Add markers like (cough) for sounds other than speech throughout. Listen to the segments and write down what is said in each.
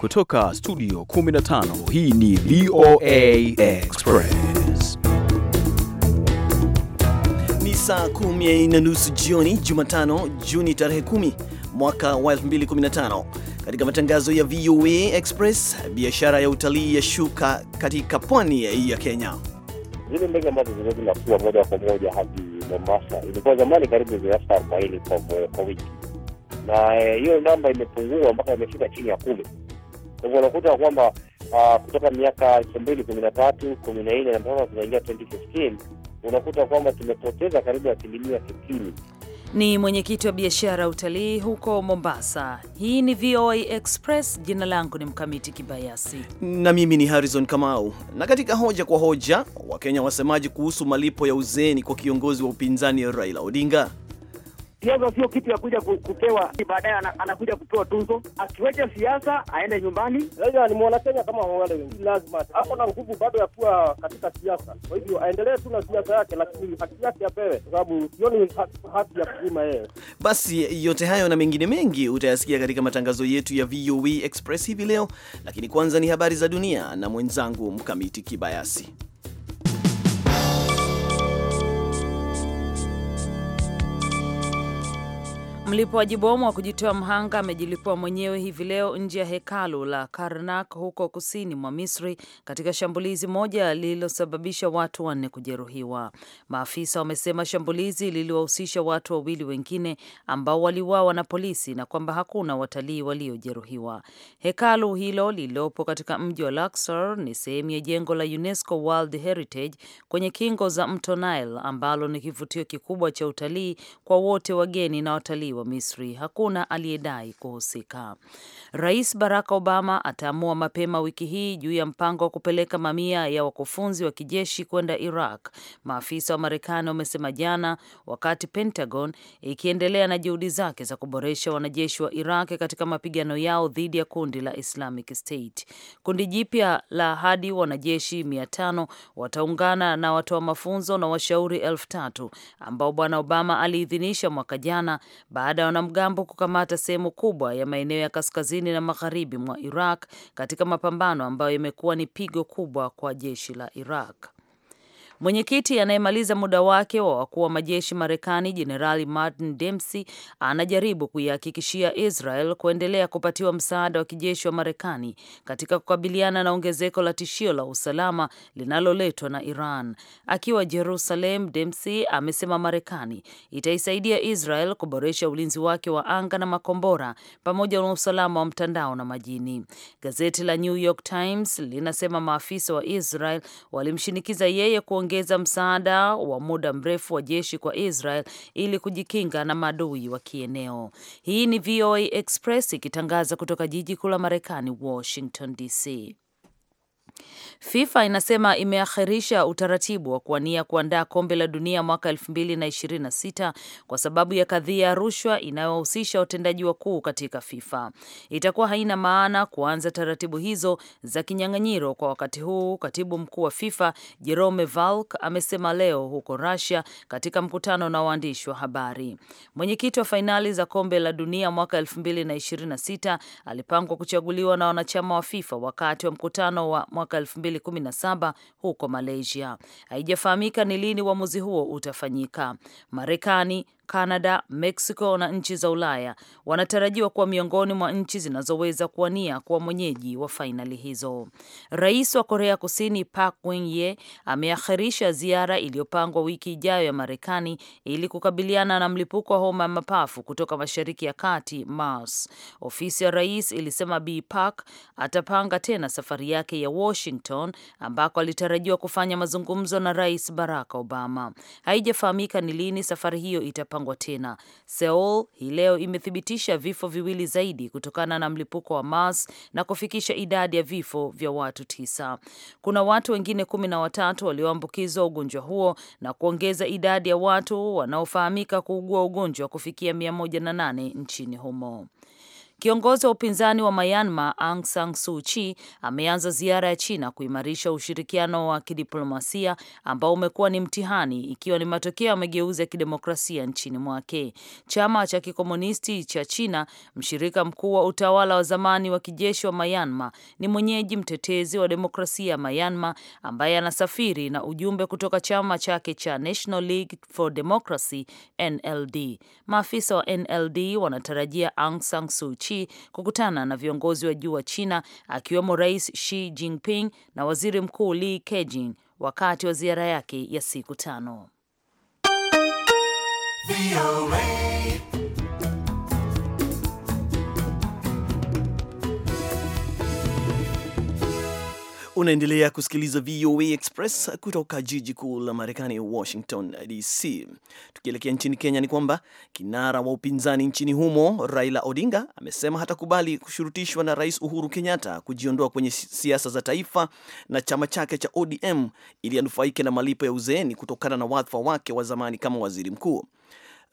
Kutoka studio 15 hii ni VOA Express. Ni saa kumi na nusu jioni Jumatano, Juni tarehe 10 mwaka wa 2015. Katika matangazo ya VOA Express, biashara ya utalii ya shuka katika pwani ya Kenya. Zile ndege ambazo zilikuwa zinatua moja kwa moja hadi Mombasa ilikuwa zamani karibu ziasa 40 kwa wiki na eh, hiyo e, namba imepungua mpaka imefika chini ya kumi. Kwa hivyo unakuta kwamba uh, kutoka miaka elfu mbili kumi na tatu kumi na nne na mpaka tunaingia 2015 unakuta kwamba tumepoteza karibu asilimia sitini. Ni mwenyekiti wa biashara ya utalii huko Mombasa. Hii ni VOA Express. Jina langu ni Mkamiti Kibayasi na mimi ni Harrison Kamau. Na katika hoja kwa hoja, Wakenya wasemaji kuhusu malipo ya uzeeni kwa kiongozi wa upinzani Raila Odinga? Siasa sio kitu ya kuja kupewa baadaye, anakuja kupewa tuzo. Akiwacha siasa aende nyumbani. Raila ni mwanakenya kama wale wengine, lazima ako na nguvu bado ya kuwa katika siasa. Kwa hivyo aendelee tu na siasa yake, lakini haki yake apewe, kwa sababu sioni haki ya kulima yeye. Basi yote hayo na mengine mengi utayasikia katika matangazo yetu ya VOA e Express hivi leo, lakini kwanza ni habari za dunia na mwenzangu Mkamiti Kibayasi. Mlipuaji bomu wa kujitoa mhanga amejilipua mwenyewe hivi leo nje ya hekalu la Karnak huko kusini mwa Misri katika shambulizi moja lililosababisha watu wanne kujeruhiwa. Maafisa wamesema shambulizi liliwahusisha watu wawili wengine ambao waliuawa na polisi na kwamba hakuna watalii waliojeruhiwa. Hekalu hilo lililopo katika mji wa Luxor ni sehemu ya jengo la UNESCO World Heritage kwenye kingo za mto Nile ambalo ni kivutio kikubwa cha utalii kwa wote wageni na watalii wa Misri. Hakuna aliyedai kuhusika. Rais Barack Obama ataamua mapema wiki hii juu ya mpango wa kupeleka mamia ya wakufunzi wa kijeshi kwenda Iraq, maafisa wa Marekani wamesema jana, wakati Pentagon ikiendelea na juhudi zake za kuboresha wanajeshi wa Iraq katika mapigano yao dhidi ya kundi la Islamic State. Kundi jipya la hadi wanajeshi mia tano wataungana na watoa mafunzo na washauri elfu tatu ambao Bwana Obama aliidhinisha mwaka jana baada baada ya wanamgambo kukamata sehemu kubwa ya maeneo ya kaskazini na magharibi mwa Iraq katika mapambano ambayo imekuwa ni pigo kubwa kwa jeshi la Iraq. Mwenyekiti anayemaliza muda wake wa wakuu wa majeshi Marekani, Jenerali Martin Dempsey anajaribu kuihakikishia Israel kuendelea kupatiwa msaada wa kijeshi wa Marekani katika kukabiliana na ongezeko la tishio la usalama linaloletwa na Iran. Akiwa Jerusalem, Dempsey amesema Marekani itaisaidia Israel kuboresha ulinzi wake wa anga na makombora pamoja na usalama wa mtandao na majini. Gazeti la New York Times linasema maafisa wa Israel walimshinikiza yeye kuongea kuongeza msaada wa muda mrefu wa jeshi kwa Israel ili kujikinga na maadui wa kieneo. Hii ni VOA Express ikitangaza kutoka jiji kuu la Marekani, Washington DC. FIFA inasema imeakhirisha utaratibu wa kuania kuandaa kombe la dunia mwaka 226 kwa sababu ya kadhia ya rushwa inayowahusisha watendaji wakuu katika FIFA. Itakuwa haina maana kuanza taratibu hizo za kinyang'anyiro kwa wakati huu, katibu mkuu wa FIFA Jerome Valk amesema leo huko Russia katika mkutano na waandishi wa habari. Mwenyekiti wa fainali za kombe la dunia mwaka 2026 alipangwa kuchaguliwa na wanachama wa FIFA wakati wa mkutano wa mwaka 2017 17 huko Malaysia. Haijafahamika ni lini uamuzi huo utafanyika. Marekani, Canada, Mexico na nchi za Ulaya wanatarajiwa kuwa miongoni mwa nchi zinazoweza kuwania kuwa mwenyeji wa fainali hizo. Rais wa Korea Kusini Park Geun-hye ameakhirisha ziara iliyopangwa wiki ijayo ya Marekani ili kukabiliana na mlipuko wa homa ya mapafu kutoka Mashariki ya Kati mars. Ofisi ya rais ilisema Bi Park atapanga tena safari yake ya Washington ambako alitarajiwa kufanya mazungumzo na Rais Barack Obama. Haijafahamika ni lini safari hiyo ita kupangwa tena. Seoul hii leo imethibitisha vifo viwili zaidi kutokana na mlipuko wa MERS na kufikisha idadi ya vifo vya watu tisa. Kuna watu wengine kumi na watatu walioambukizwa ugonjwa huo na kuongeza idadi ya watu wanaofahamika kuugua ugonjwa kufikia nane nchini humo. Kiongozi wa upinzani wa Myanmar Aung San Suu Kyi ameanza ziara ya China kuimarisha ushirikiano wa kidiplomasia ambao umekuwa ni mtihani, ikiwa ni matokeo ya mageuzi ya kidemokrasia nchini mwake. Chama cha Kikomunisti cha China, mshirika mkuu wa utawala wa zamani wa kijeshi wa Myanmar, ni mwenyeji mtetezi wa demokrasia ya Myanmar ambaye anasafiri na ujumbe kutoka chama chake cha National League for Democracy NLD. Maafisa wa NLD wanatarajia Aung San Suu Kyi Xi kukutana na viongozi wa juu wa China akiwemo Rais shi Jinping na Waziri Mkuu Li Keqiang wakati wa ziara yake ya siku tano. Unaendelea kusikiliza VOA Express kutoka jiji kuu la Marekani, Washington DC. Tukielekea nchini Kenya, ni kwamba kinara wa upinzani nchini humo Raila Odinga amesema hatakubali kushurutishwa na Rais Uhuru Kenyatta kujiondoa kwenye siasa za taifa na chama chake cha ODM ili anufaike na malipo ya uzeeni kutokana na wadhifa wake wa zamani kama waziri mkuu.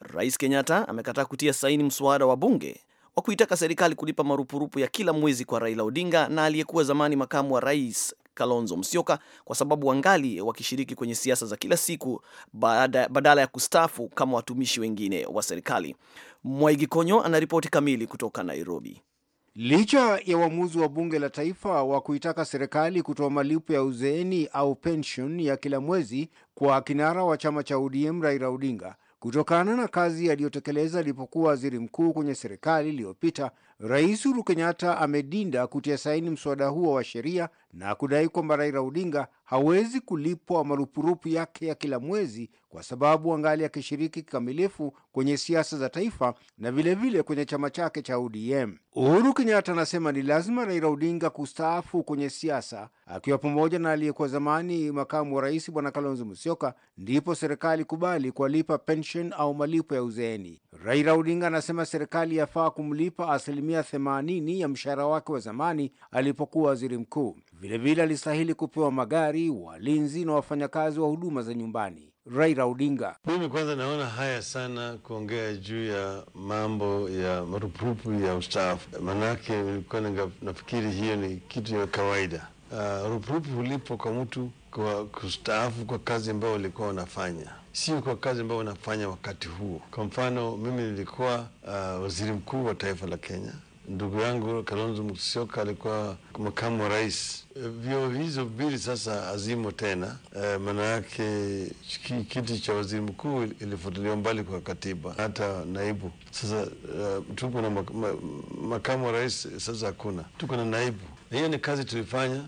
Rais Kenyatta amekataa kutia saini mswada wa bunge wa kuitaka serikali kulipa marupurupu ya kila mwezi kwa Raila Odinga na aliyekuwa zamani makamu wa rais Kalonzo Musyoka kwa sababu wangali wakishiriki kwenye siasa za kila siku badala ya kustafu kama watumishi wengine wa serikali. Mwaigi Konyo anaripoti kamili kutoka Nairobi. Licha ya uamuzi wa bunge la taifa wa kuitaka serikali kutoa malipo ya uzeeni au pension ya kila mwezi kwa kinara wa chama cha ODM Raila Odinga kutokana na kazi aliyotekeleza alipokuwa waziri mkuu kwenye serikali iliyopita. Rais Uhuru Kenyatta amedinda kutia saini mswada huo wa sheria na kudai kwamba Raila Odinga hawezi kulipwa marupurupu yake ya kila mwezi kwa sababu angali akishiriki kikamilifu kwenye siasa za taifa na vilevile vile kwenye chama chake cha ODM. Uhuru Kenyatta anasema ni lazima Raila Odinga kustaafu kwenye siasa, akiwa pamoja na aliyekuwa zamani makamu wa rais Bwana Kalonzo Musyoka, ndipo serikali kubali kuwalipa pension au malipo ya uzeeni. Raila Odinga anasema serikali yafaa kumlipa asilimia 80 ya mshahara wake wa zamani alipokuwa waziri mkuu. Vilevile alistahili kupewa magari, walinzi na wafanyakazi wa huduma za nyumbani. Raila Odinga: mimi kwanza naona haya sana kuongea juu ya mambo ya marupurupu ya ustaafu, manake nilikuwa nafikiri hiyo ni kitu ya kawaida. Uh, rupurupu hulipo kwa mtu kwa kustaafu kwa kazi ambayo walikuwa wanafanya, sio kwa kazi ambayo wanafanya wakati huo. Kwa mfano mimi nilikuwa uh, waziri mkuu wa taifa la Kenya ndugu yangu Kalonzo Musyoka alikuwa makamu wa rais. Vyo hizo mbili sasa hazimo tena e, maana yake kiti cha waziri mkuu ilifutiliwa mbali kwa katiba, hata naibu sasa. Uh, tuko na makamu wa rais sasa hakuna, tuko na naibu. Hiyo ni kazi tulifanya,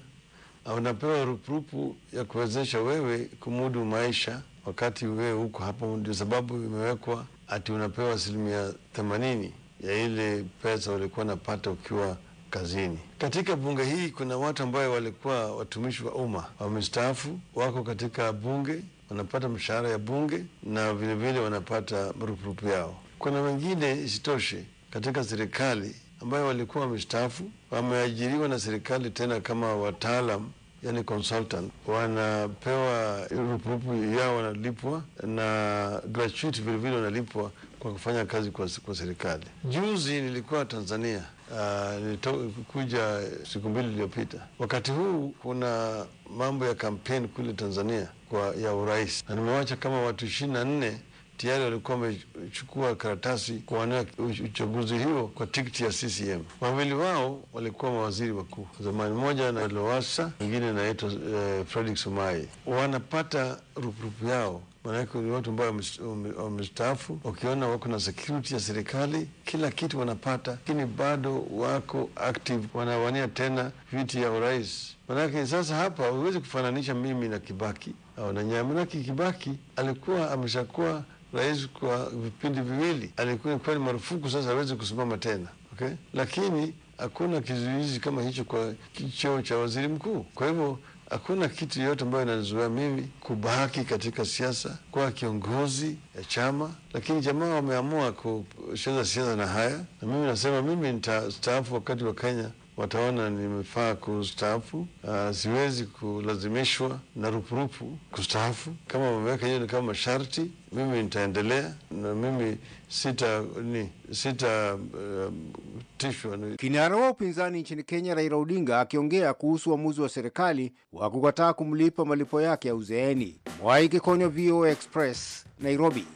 unapewa rupurupu ya kuwezesha wewe kumudu maisha wakati wewe huko hapo, ndio sababu imewekwa ati unapewa asilimia themanini ya ile pesa walikuwa napata ukiwa kazini. Katika bunge hii kuna watu ambayo walikuwa watumishi wa umma wamestaafu, wako katika bunge, wanapata mshahara ya bunge na vilevile wanapata marupurupu yao. Kuna wengine isitoshe katika serikali ambayo walikuwa wamestaafu, wameajiriwa na serikali tena kama wataalam Yani consultant wanapewa rupurupu yao wanalipwa na gratuity vilevile wanalipwa kwa kufanya kazi kwa, kwa serikali. Juzi nilikuwa Tanzania, uh, ah, nilikuja siku mbili iliyopita. Wakati huu kuna mambo ya kampeni kule Tanzania kwa ya urais, na nimewacha kama watu ishirini na nne tayari walikuwa wamechukua karatasi kuwania uchaguzi hio kwa tikiti ya CCM. Wawili wao walikuwa mawaziri wakuu zamani, mmoja na Lowassa, mwingine naitwa eh, Fredrick Sumaye. Wanapata rupurupu yao maanake watu ambao wamestaafu ukiona wako na security ya serikali, kila kitu wanapata, lakini bado wako active, wanawania tena viti ya urais. Manake sasa hapa huwezi kufananisha mimi na Kibaki au na Nyaya, manake Kibaki alikuwa ameshakuwa rais kwa vipindi viwili, alikuwa ni marufuku, sasa hawezi kusimama tena okay? Lakini hakuna kizuizi kama hicho kwa cheo cha waziri mkuu, kwa hivyo Hakuna kitu yoyote ambayo inanizuia mimi kubaki katika siasa, kuwa kiongozi ya chama, lakini jamaa wameamua kucheza siasa na haya, na mimi nasema mimi nitastaafu wakati wa Kenya wataona nimefaa kustaafu. Ah, siwezi kulazimishwa na rupurupu kustaafu. Kama wameweka hiyo ni kama masharti, mimi nitaendelea na mimi sita ni sita uh, tishwa. Kinara wa upinzani nchini Kenya Raila Odinga akiongea kuhusu uamuzi wa serikali wa kukataa kumlipa malipo yake ya uzeeni. Mwai VOA Express, Nairobi.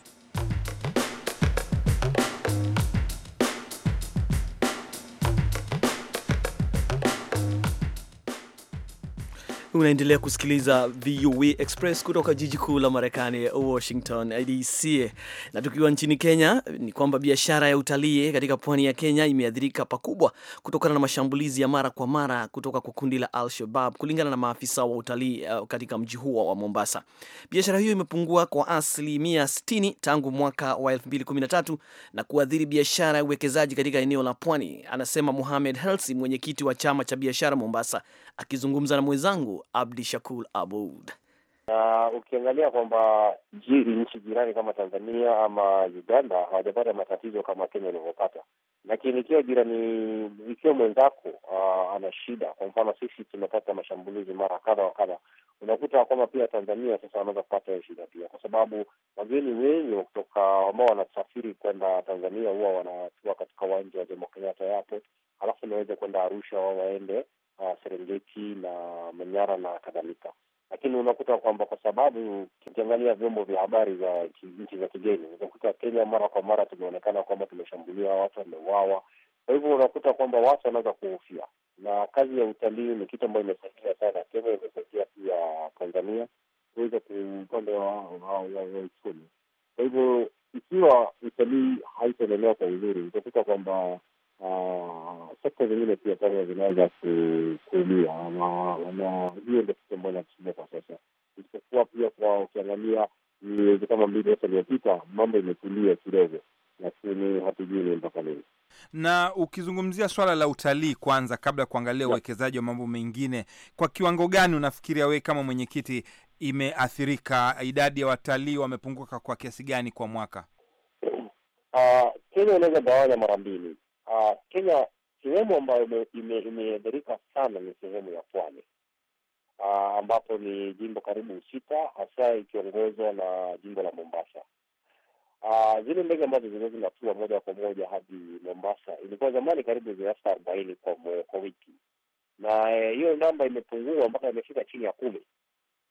Unaendelea kusikiliza VOA Express kutoka jiji kuu la Marekani, Washington DC. Na tukiwa nchini Kenya, ni kwamba biashara ya utalii katika pwani ya Kenya imeathirika pakubwa kutokana na mashambulizi ya mara kwa mara kutoka kwa kundi la Al-Shabab, kulingana na maafisa wa utalii uh, katika mji huo wa Mombasa. Biashara hiyo imepungua kwa asilimia 60 tangu mwaka wa 2013 na kuathiri biashara ya uwekezaji katika eneo la pwani, anasema Mohamed Helsi, mwenyekiti wa chama cha biashara Mombasa, akizungumza na mwenzangu Abdi Shakul Abud. Uh, ukiangalia kwamba nchi jirani kama Tanzania ama Uganda hawajapata matatizo kama Kenya ilivyopata, lakini ikiwa jirani, ikiwa mwenzako ah, ana shida, kwa mfano sisi tumepata mashambulizi mara kadha wa kadha, unakuta kwamba pia Tanzania sasa wanaweza kupata hiyo shida pia, kwa sababu wageni wengi kutoka ambao wanasafiri kwenda Tanzania huwa wanatua katika uwanja wa Jomo Kenyatta Airport, alafu naweza kwenda Arusha wao waende uh, Serengeti na Manyara na kadhalika, lakini unakuta kwamba kwa sababu tukiangalia vyombo vya habari za nchi za kigeni unakuta Kenya mara kwa mara tumeonekana kwamba tumeshambulia watu wameuawa. Kwa hivyo unakuta kwamba watu wanaweza kuhofia, na kazi ya utalii ni kitu ambayo imesaidia sana Kenya, imesaidia pia Tanzania kuweza upande wa uchumi. Kwa hivyo ikiwa utalii haitaendelea kwa uzuri, utakuta kwamba Ah, sekta zingine pia pale zinaweza kulia, na hiyo ndio kitu ambayo inatushinda kwa sasa, isipokuwa pia kwa ukiangalia miezi kama mbili sasa iliyopita mambo imetulia kidogo, lakini hatujui ni mpaka lini. Na ukizungumzia swala la utalii kwanza, kabla ya kuangalia uwekezaji wa mambo mengine, kwa kiwango gani unafikiria wewe kama mwenyekiti imeathirika? Idadi ya watalii wamepunguka kwa kiasi gani kwa mwaka? Uh, ah, Kenya inaweza gawanya mara mbili uh, Kenya sehemu ambayo imeathirika sana ni sehemu ya pwani uh, ambapo ni jimbo karibu sita hasa ikiongozwa na jimbo la Mombasa. Uh, zile ndege ambazo zilikuwa zinatua moja kwa moja hadi Mombasa ilikuwa zamani karibu zia arobaini kwa wiki, na eh, hiyo eh, namba imepungua mpaka imefika chini ya kumi.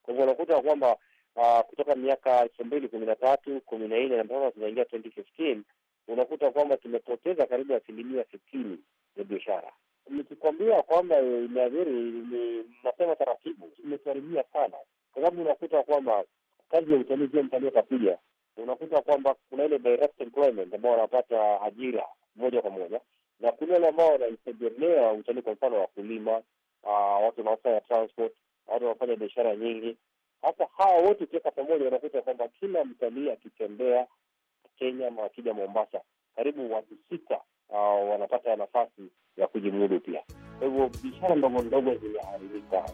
Kwa hivyo unakuta kwamba uh, kutoka miaka elfu mbili kumi na tatu kumi na nne na mpaka tunaingia unakuta kwamba tumepoteza karibu asilimia sitini ya biashara. Nikikwambia kwamba eh, imeathiri, nasema taratibu, imekaribia sana, kwa sababu unakuta kwamba kazi ya utalii, kila mtalii atakuja, unakuta kwamba kuna ile direct employment ambao wanapata ajira moja kwa moja, na kuna wale ambao wanaitegemea utalii, kwa mfano wakulima, ah, watu wanaofanya transport, watu wanaofanya biashara nyingi. Hasa hawa wote ukiweka pamoja, unakuta kwamba kila mtalii akitembea Kenya na wakija Mombasa, karibu watu sita uh, wanapata nafasi ya kujimudu pia. Kwa hivyo biashara ndogo ndogo zimeharibika.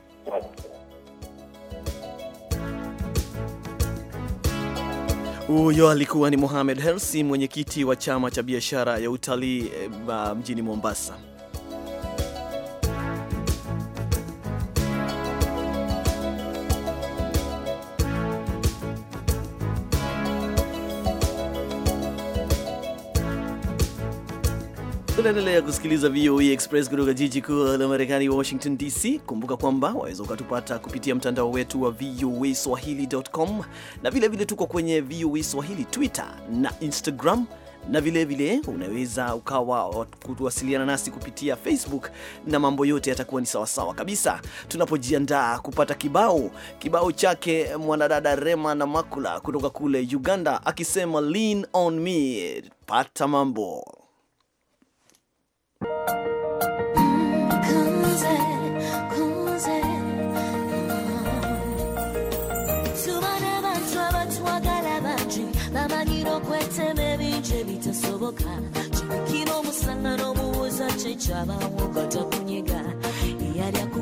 Huyo alikuwa ni Mohamed Helsi, mwenyekiti wa chama cha biashara ya utalii eh, mjini Mombasa. Tunaendelea kusikiliza VOA e Express kutoka jiji kuu la Marekani, Washington DC. Kumbuka kwamba waweza ukatupata kupitia mtandao wetu wa VOA e Swahili.com na vilevile tuko kwenye VOA e Swahili Twitter na Instagram na vilevile vile, unaweza ukawa kuwasiliana nasi kupitia Facebook na mambo yote yatakuwa ni sawasawa kabisa. Tunapojiandaa kupata kibao kibao chake mwanadada Rema na Makula kutoka kule Uganda akisema lean on me, pata mambo tasoboka kibikira omusana n'obuwuza kye kyabawo katakunyega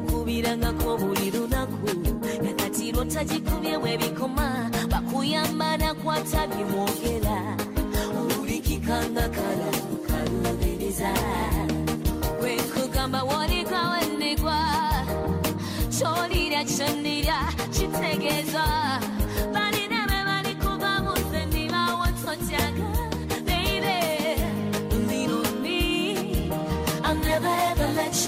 buli nakati bakuyamba bimwogera wolikawendigwa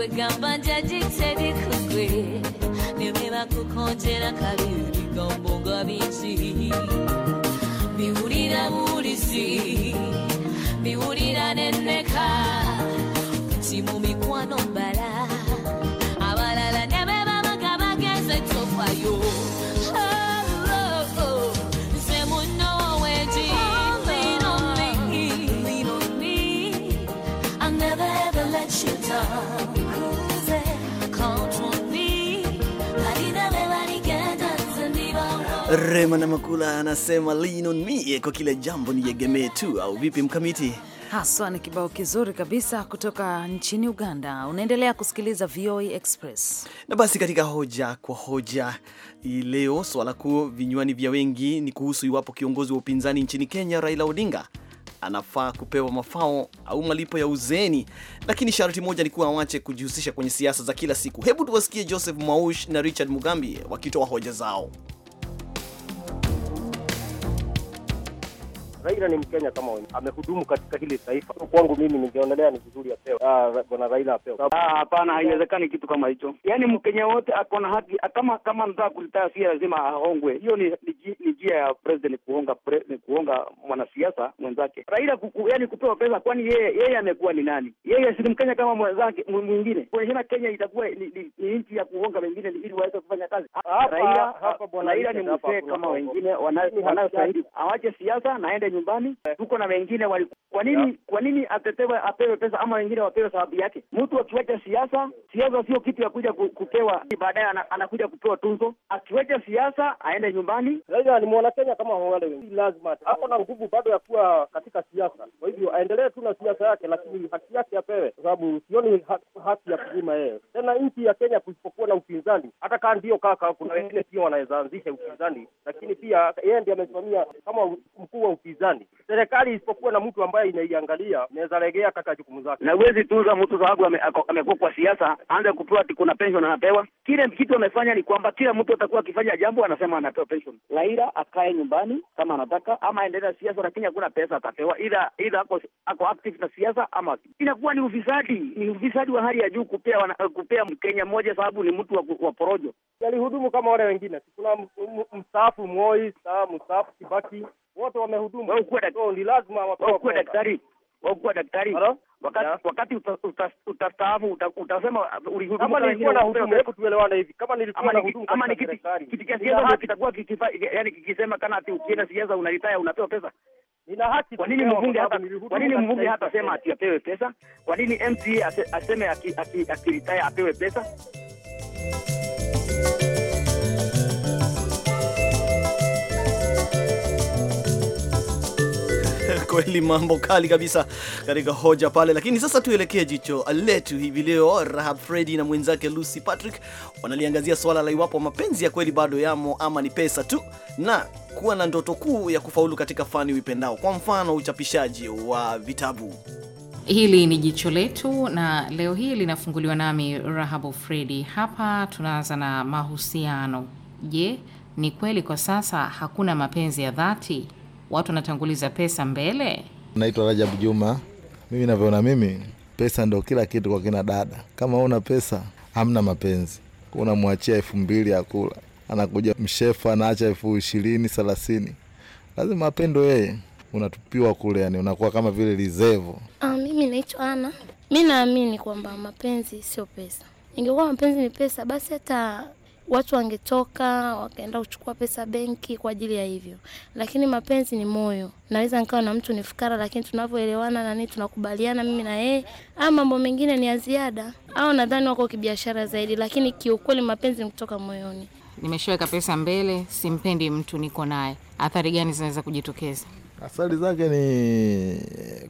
kwegamba njagi teri kugwe neme bakukonjera kabi ebigambo nga bingi biwulira ulisi, biwulira neneka ti mu mikwano mbala Rema na Makula anasema lean on me, kwa kila jambo ni niegemee tu, au vipi mkamiti? Haswa ni kibao kizuri kabisa kutoka nchini Uganda. Unaendelea kusikiliza VOA e Express na basi, katika hoja kwa hoja leo, swala kuu vinywani vya wengi ni kuhusu iwapo kiongozi wa upinzani nchini Kenya Raila Odinga anafaa kupewa mafao au malipo ya uzeeni, lakini sharti moja ni kuwa awache kujihusisha kwenye siasa za kila siku. Hebu tuwasikie Joseph Mwaush na Richard Mugambi wakitoa wa hoja zao. Raila ni Mkenya kama wenyewe, amehudumu katika hili taifa. Kwangu mimi ningeonelea ni vizuri apewe ah, bwana Raila apewe. Ah, hapana, haiwezekani kitu kama hicho. Yaani Mkenya wote ako na haki, ah, kama kama nataka kulitaa, si lazima ahongwe. Hiyo ni ni njia ya president kuonga pre, kuonga mwanasiasa mwenzake. Raila kuku, yani kupewa pesa, kwani yeye yeye amekuwa ni nani? Yeye si Mkenya kama mwenzake mwingine. Kuonyeshana Kenya itakuwa ni, ni, nchi ya kuonga wengine ili waweze kufanya kazi. hapa. hapa bwana Raila ni mzee kama wengine wanayostahili, awache siasa naende nyumbani huko, eh, na wengine wali kwa nini yeah. Kwa nini atetewe apewe pesa ama wengine wapewe sababu yake? Mtu akiwacha siasa, siasa sio kitu ya kuja kupewa baadaye anakuja kupewa tunzo. Akiwacha siasa aende nyumbani. Sasa ni mwana Kenya kama wale wengine, lazima hapo na nguvu bado ya kuwa katika siasa. Kwa hivyo aendelee tu na siasa yake, lakini haki yake apewe, kwa sababu sioni haki ya kuzima yeye. Tena nchi ya Kenya kusipokuwa na upinzani, hata kaa ndio kaka, kuna wengine pia wanaweza anzisha upinzani, lakini pia yeye ndiye amesimamia kama mkuu wa upinzani serikali isipokuwa na mtu ambaye inaiangalia inaweza legea kaka jukumu zake, na huwezi tuza mtu sababu amekuwa kwa siasa, anza kupewa kuna pension anapewa. Kile kitu amefanya ni kwamba kila mtu atakuwa akifanya jambo anasema anapewa pension. Raila akae nyumbani kama anataka, ama aendelee na siasa, lakini hakuna pesa atapewa, ila ila ako, ako active na siasa, ama inakuwa ni ufisadi, ni ufisadi wa hali ya juu kupea wana, kupea Mkenya mmoja sababu ni mtu wa, wa porojo. Alihudumu kama wale wengine, kuna mstaafu Moi, mstaafu Kibaki wote wamehudumu. Wewe ukuwa daktari, ni lazima wapewe. Ukuwa daktari, wewe ukuwa daktari, wakati yeah. wakati utastaafu uta, uta, uta utasema ulihudumu. Kama nilikuwa na hudumu, hebu tuelewane hivi, kama nilikuwa na hudumu, kama ni kiti kiti cha siasa ndio kitakuwa kikifa, yani kikisema kana ati ukienda siasa unalitaya unapewa pesa. Nina haki. Kwa nini mbunge hata kwa nini mbunge hata sema ati apewe pesa? Kwa nini MCA aseme akiritaya apewe pesa? (laughs) Kweli mambo kali kabisa katika hoja pale, lakini sasa tuelekee jicho letu hivi leo. Rahab Fredi na mwenzake Lucy Patrick wanaliangazia swala la iwapo mapenzi ya kweli bado yamo ama ni pesa tu na kuwa na ndoto kuu ya kufaulu katika fani uipendao, kwa mfano uchapishaji wa vitabu. Hili ni jicho letu na leo hii linafunguliwa nami Rahabu Fredi. Hapa tunaanza na mahusiano. Je, ni kweli kwa sasa hakuna mapenzi ya dhati? watu wanatanguliza pesa mbele? Naitwa Rajabu Juma. Mimi navyoona mimi, pesa ndo kila kitu kwa kina dada. Kama una pesa, hamna mapenzi. Unamwachia elfu mbili akula, anakuja mshefu anaacha elfu ishirini thelathini, lazima apendo yeye, unatupiwa kule, yani unakuwa kama vile lizevo. Ah, mimi naitwa Ana. Mi naamini kwamba mapenzi sio pesa. Ingekuwa mapenzi ni pesa, basi hata watu wangetoka wakaenda kuchukua pesa benki kwa ajili ya hivyo, lakini mapenzi ni moyo. Naweza nikawa na mtu ni fukara, lakini tunavyoelewana nani, tunakubaliana mimi na yeye, ama mambo mengine ni ya ziada, au nadhani wako kibiashara zaidi, lakini kiukweli mapenzi ni kutoka moyoni. Nimeshaweka pesa mbele, simpendi mtu niko naye. Athari gani zinaweza kujitokeza? Athari zake ni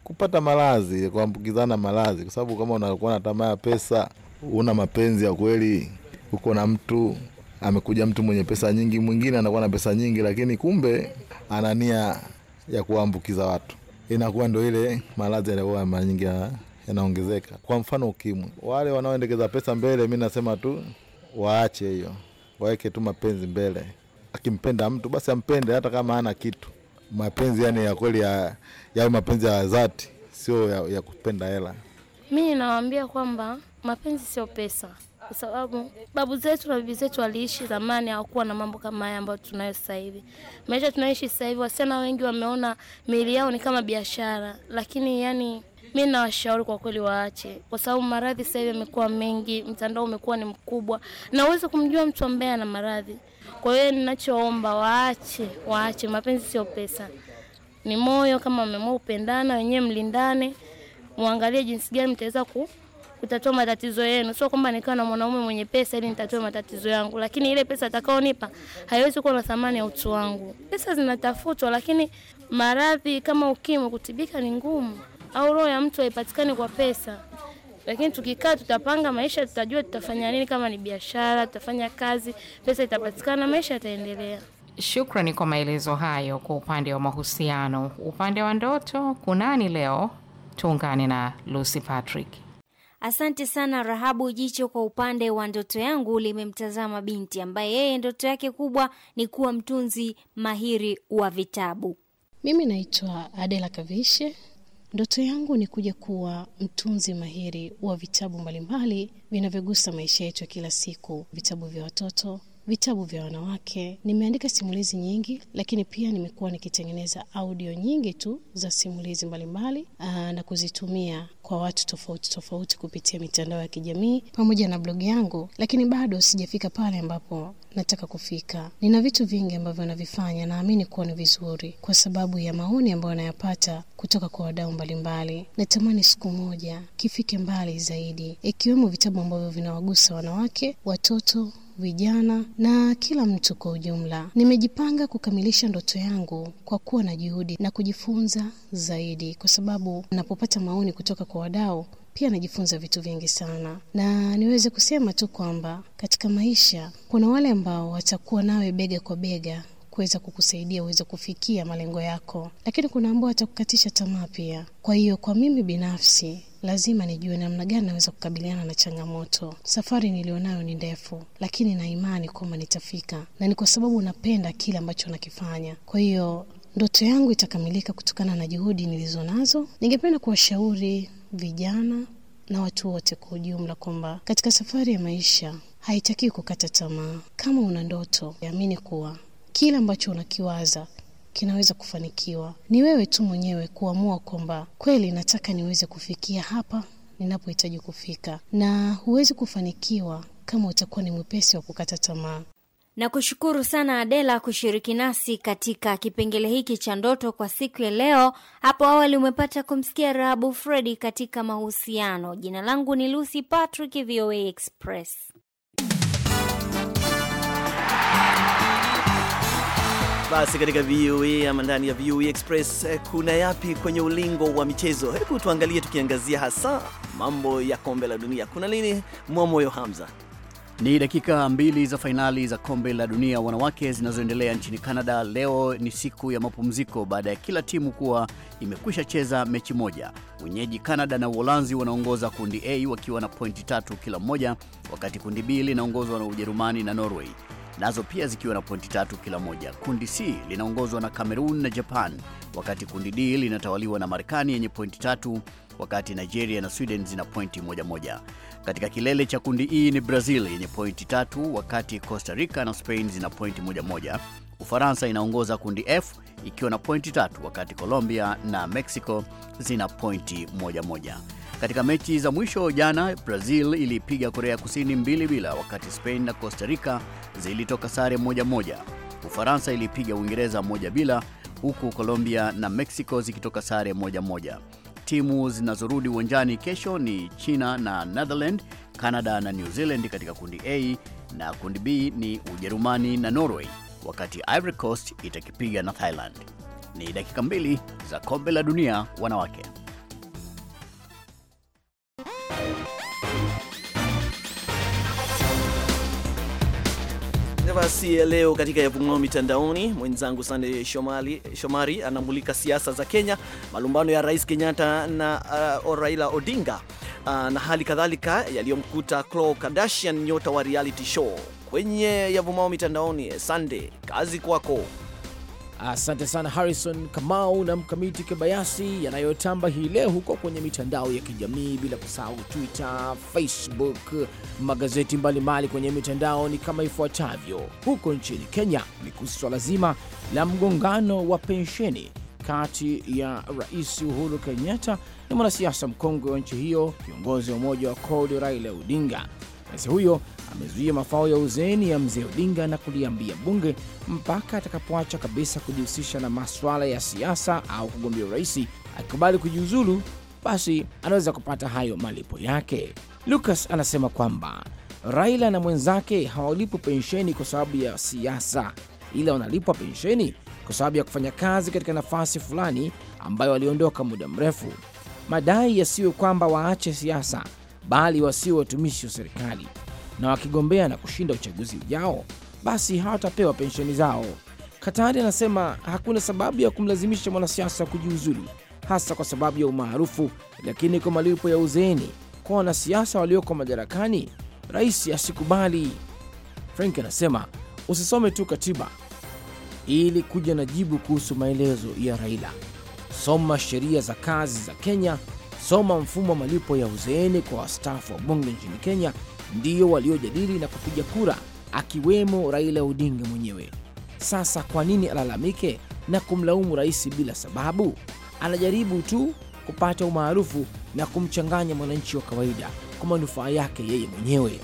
kupata maradhi, kuambukizana maradhi, kwa sababu kama unakuwa na tamaa ya pesa, una mapenzi ya kweli, uko na mtu amekuja mtu mwenye pesa nyingi, mwingine anakuwa na pesa nyingi, lakini kumbe ana nia ya kuwaambukiza watu. Inakuwa ndio ile maradhi yanakuwa mara nyingi yanaongezeka. Kwa mfano UKIMWI, wale wanaoendekeza pesa mbele, mi nasema tu waache hiyo, waweke tu mapenzi mbele. Akimpenda mtu basi ampende, hata kama ana kitu. Mapenzi yani ya kweli, yawe mapenzi ya dhati, sio ya, ya kupenda hela. Mi nawaambia kwamba mapenzi sio pesa kwa sababu babu zetu na bibi zetu waliishi zamani, hawakuwa na mambo kama haya ambayo tunayo sasa hivi. Maisha tunaishi sasa hivi, wasichana wengi wameona miili yao ni kama biashara, lakini yani mi nawashauri kwa kweli waache, kwa sababu maradhi sasa hivi yamekuwa mengi, mtandao umekuwa ni mkubwa na uweze kumjua mtu ambaye ana maradhi. Kwa hiyo ninachoomba waache, waache. Mapenzi sio pesa, ni moyo. Kama mmeamua upendana wenyewe mlindane, muangalie jinsi gani mtaweza ku utatua matatizo yenu. Sio kwamba nikawa na mwanaume mwenye pesa ili nitatue matatizo yangu, lakini ile pesa atakaonipa haiwezi kuwa na thamani ya utu wangu. Pesa zinatafutwa, lakini maradhi kama ukimwi kutibika ni ngumu, au roho ya mtu haipatikani kwa pesa. Lakini tukikaa tutapanga maisha, tutajua tutafanya nini, kama ni biashara, tutafanya kazi, pesa itapatikana, maisha yataendelea. Shukrani kwa maelezo hayo. Kwa upande wa mahusiano, upande wa ndoto, kunani leo tuungane na Lucy Patrick. Asante sana Rahabu. Jicho kwa upande wa ndoto yangu limemtazama binti ambaye yeye ndoto yake kubwa ni kuwa mtunzi mahiri wa vitabu. Mimi naitwa Adela Kavishe. Ndoto yangu ni kuja kuwa mtunzi mahiri wa vitabu mbalimbali vinavyogusa maisha yetu ya kila siku, vitabu vya watoto, vitabu vya wanawake, nimeandika simulizi nyingi, lakini pia nimekuwa nikitengeneza audio nyingi tu za simulizi mbalimbali mbali, ah, na kuzitumia kwa watu tofauti tofauti kupitia mitandao ya kijamii pamoja na blogi yangu, lakini bado sijafika pale ambapo nataka kufika. Nina vitu vingi ambavyo navifanya, naamini kuwa ni vizuri, kwa sababu ya maoni ambayo nayapata kutoka kwa wadau mbalimbali. Natamani siku moja kifike mbali zaidi, ikiwemo vitabu ambavyo vinawagusa wanawake, watoto vijana na kila mtu kwa ujumla. Nimejipanga kukamilisha ndoto yangu kwa kuwa na juhudi na kujifunza zaidi, kwa sababu napopata maoni kutoka kwa wadau pia najifunza vitu vingi sana, na niweze kusema tu kwamba katika maisha kuna wale ambao watakuwa nawe bega kwa bega kuweza kukusaidia uweze kufikia malengo yako, lakini kuna ambao watakukatisha tamaa pia. Kwa hiyo kwa mimi binafsi lazima nijue namna gani naweza kukabiliana na changamoto. Safari nilionayo ni ndefu, lakini na imani kwamba nitafika, na ni kwa sababu napenda kile ambacho nakifanya. Kwa hiyo ndoto yangu itakamilika kutokana na juhudi nilizo nazo. Ningependa kuwashauri vijana na watu wote kwa ujumla kwamba katika safari ya maisha haitakiwi kukata tamaa. Kama una ndoto, amini kuwa kile ambacho unakiwaza kinaweza kufanikiwa. Ni wewe tu mwenyewe kuamua kwamba kweli nataka niweze kufikia hapa ninapohitaji kufika, na huwezi kufanikiwa kama utakuwa ni mwepesi wa kukata tamaa. na kushukuru sana Adela kushiriki nasi katika kipengele hiki cha ndoto kwa siku ya leo. Hapo awali umepata kumsikia Rahabu Fredi katika mahusiano. Jina langu ni Lucy Patrick, VOA Express. Basi katika VOA ama ndani ya VOA Express eh, kuna yapi kwenye ulingo wa michezo? Hebu tuangalie, tukiangazia hasa mambo ya kombe la dunia. Kuna nini Mwamoyo Hamza? Ni dakika mbili za fainali za kombe la dunia wanawake zinazoendelea nchini Canada. Leo ni siku ya mapumziko baada ya kila timu kuwa imekwisha cheza mechi moja. Wenyeji Canada na Uholanzi wanaongoza kundi A wakiwa na pointi tatu kila mmoja, wakati kundi B linaongozwa na Ujerumani na Norway nazo pia zikiwa na pointi tatu kila moja. Kundi C linaongozwa na Cameroon na Japan, wakati kundi D linatawaliwa na Marekani yenye pointi tatu, wakati Nigeria na Sweden zina pointi moja moja. Katika kilele cha kundi E ni Brazil yenye pointi tatu, wakati Costa Rica na Spain zina pointi moja moja. Ufaransa inaongoza kundi F ikiwa na pointi tatu, wakati Colombia na Mexico zina pointi moja moja. Katika mechi za mwisho jana, Brazil ilipiga Korea Kusini mbili bila, wakati Spain na Costa Rica zilitoka sare moja moja. Ufaransa ilipiga Uingereza moja bila, huku Colombia na Mexico zikitoka sare moja moja. Timu zinazorudi uwanjani kesho ni China na Netherland, Canada na New Zealand katika kundi A na kundi B ni Ujerumani na Norway, wakati Ivory Coast itakipiga na Thailand. Ni dakika mbili za kombe la dunia wanawake. nafasi ya leo katika yavumao mitandaoni, mwenzangu Sande Shomari, Shomari anamulika siasa za Kenya, malumbano ya Rais Kenyatta na uh, Raila Odinga uh, na hali kadhalika yaliyomkuta Khloe Kardashian, nyota wa reality show. Kwenye yavumao mitandaoni, Sande, kazi kwako. Asante sana Harrison Kamau na Mkamiti Kibayasi, yanayotamba hii leo huko kwenye mitandao ya kijamii, bila kusahau Twitter, Facebook, magazeti mbalimbali kwenye mitandao ni kama ifuatavyo. Huko nchini Kenya ni kuhusu swala zima la mgongano wa pensheni kati ya Rais Uhuru Kenyatta na mwanasiasa mkongwe wa nchi hiyo, kiongozi wa umoja wa CORD Raila Odinga. Rais huyo amezuia mafao ya uzeeni ya mzee Odinga na kuliambia bunge mpaka atakapoacha kabisa kujihusisha na maswala ya siasa au kugombea uraisi. Akikubali kujiuzulu, basi anaweza kupata hayo malipo yake. Lucas anasema kwamba Raila na mwenzake hawalipwi pensheni kwa sababu ya siasa, ila wanalipwa pensheni kwa sababu ya kufanya kazi katika nafasi fulani ambayo waliondoka muda mrefu. Madai yasiyo kwamba waache siasa, bali wasio watumishi wa serikali na wakigombea na kushinda uchaguzi ujao, basi hawatapewa pensheni zao. Katari anasema hakuna sababu ya kumlazimisha mwanasiasa kujiuzulu, hasa kwa sababu ya umaarufu, lakini kwa malipo ya uzeeni kwa wanasiasa walioko madarakani, rais asikubali. Frank anasema usisome tu katiba ili kuja na jibu kuhusu maelezo ya Raila. Soma sheria za kazi za Kenya, soma mfumo wa malipo ya uzeeni kwa wastaafu wa bunge nchini Kenya ndio waliojadili na kupiga kura, akiwemo Raila Odinga mwenyewe. Sasa kwa nini alalamike na kumlaumu rais bila sababu? Anajaribu tu kupata umaarufu na kumchanganya mwananchi wa kawaida kwa manufaa yake yeye mwenyewe.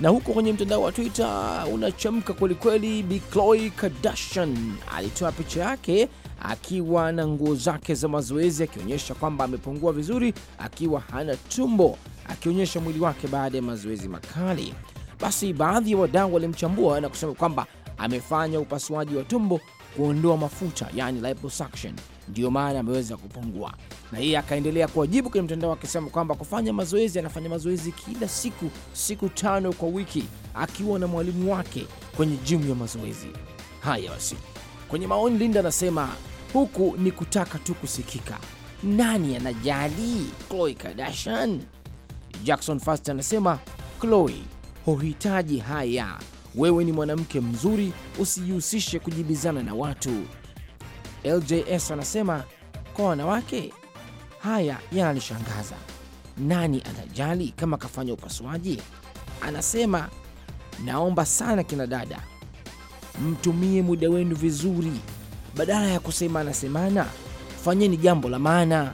Na huko kwenye mtandao wa Twitter unachamka kwelikweli. Bi Khloe Kardashian alitoa picha yake akiwa na nguo zake za mazoezi akionyesha kwamba amepungua vizuri, akiwa hana tumbo akionyesha mwili wake baada ya mazoezi makali. Basi baadhi ya wadau walimchambua na kusema kwamba amefanya upasuaji wa tumbo kuondoa mafuta, yani liposuction, ndiyo maana ameweza kupungua. Na yeye akaendelea kuwajibu kwenye mtandao akisema kwamba kufanya mazoezi, anafanya mazoezi kila siku, siku tano kwa wiki, akiwa na mwalimu wake kwenye jimu ya mazoezi. Haya basi, kwenye maoni Linda anasema huku ni kutaka tu kusikika. Nani anajali Khloe Kardashian? Jackson Fast anasema Chloe, huhitaji haya, wewe ni mwanamke mzuri, usijihusishe kujibizana na watu. LJS anasema kwa wanawake haya yananishangaza, nani anajali kama kafanya upasuaji? Anasema naomba sana kina dada, mtumie muda wenu vizuri, badala ya kusema anasemana, fanyeni jambo la maana.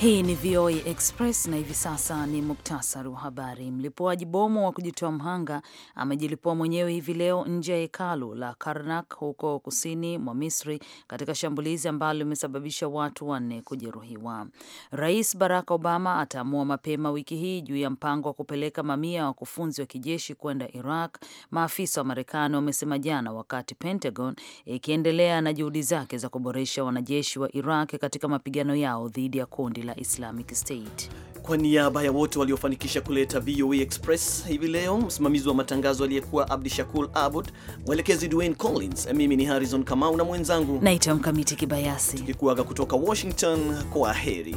Hii ni VOA Express na hivi sasa ni muktasari wa habari. Mlipuaji bomu wa kujitoa mhanga amejilipua mwenyewe hivi leo nje ya hekalu la Karnak huko kusini mwa Misri, katika shambulizi ambalo limesababisha watu wanne kujeruhiwa. Rais Barack Obama ataamua mapema wiki hii juu ya mpango wa kupeleka mamia ya wakufunzi wa kijeshi kwenda Iraq, maafisa wa Marekani wamesema jana, wakati Pentagon ikiendelea na juhudi zake za kuboresha wanajeshi wa Iraq katika mapigano yao dhidi ya kundi la Islamic State. Kwa niaba ya wote waliofanikisha kuleta VOA e Express hivi leo, msimamizi wa matangazo aliyekuwa Abdi Shakur Abud, mwelekezi Dwayne Collins, mimi ni Harrison Kamau na mwenzangu naitwa Mkamiti Kibayasi, tukikuaga kutoka Washington. Kwa heri.